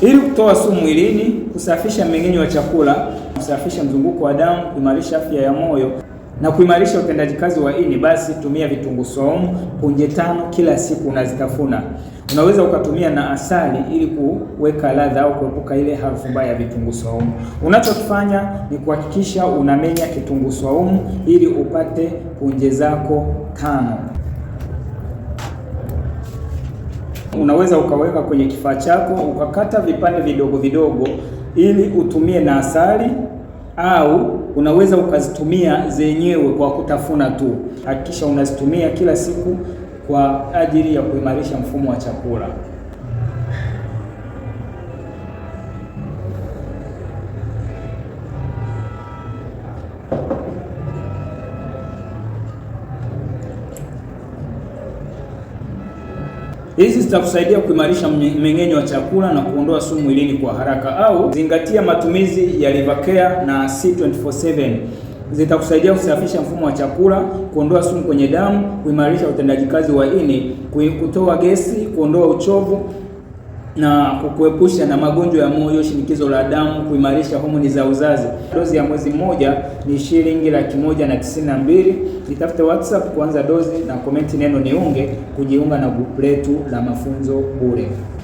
Ili kutoa sumu mwilini, kusafisha mmeng'enyo wa chakula, kusafisha mzunguko wa damu, kuimarisha afya ya moyo na kuimarisha utendaji kazi wa ini, basi tumia vitunguu saumu punje tano kila siku unazitafuna. Unaweza ukatumia na asali ili kuweka ladha au kuepuka ile harufu mbaya ya vitunguu saumu. Unachokifanya ni kuhakikisha unamenya kitunguu saumu ili upate punje zako tano. unaweza ukaweka kwenye kifaa chako ukakata vipande vidogo vidogo ili utumie na asali au unaweza ukazitumia zenyewe kwa kutafuna tu. Hakikisha unazitumia kila siku kwa ajili ya kuimarisha mfumo wa chakula. Hizi zitakusaidia kuimarisha mmeng'enyo wa chakula na kuondoa sumu mwilini kwa haraka. Au zingatia matumizi ya livakea na C24/7 zitakusaidia kusafisha mfumo wa chakula, kuondoa sumu kwenye damu, kuimarisha utendaji kazi wa ini, kutoa gesi, kuondoa uchovu na kukuepusha na magonjwa ya moyo, shinikizo la damu, kuimarisha homoni za uzazi. Dozi ya mwezi mmoja ni shilingi laki moja na tisini na mbili. Nitafute WhatsApp kuanza dozi na komenti neno niunge kujiunga na grupu letu la mafunzo bure.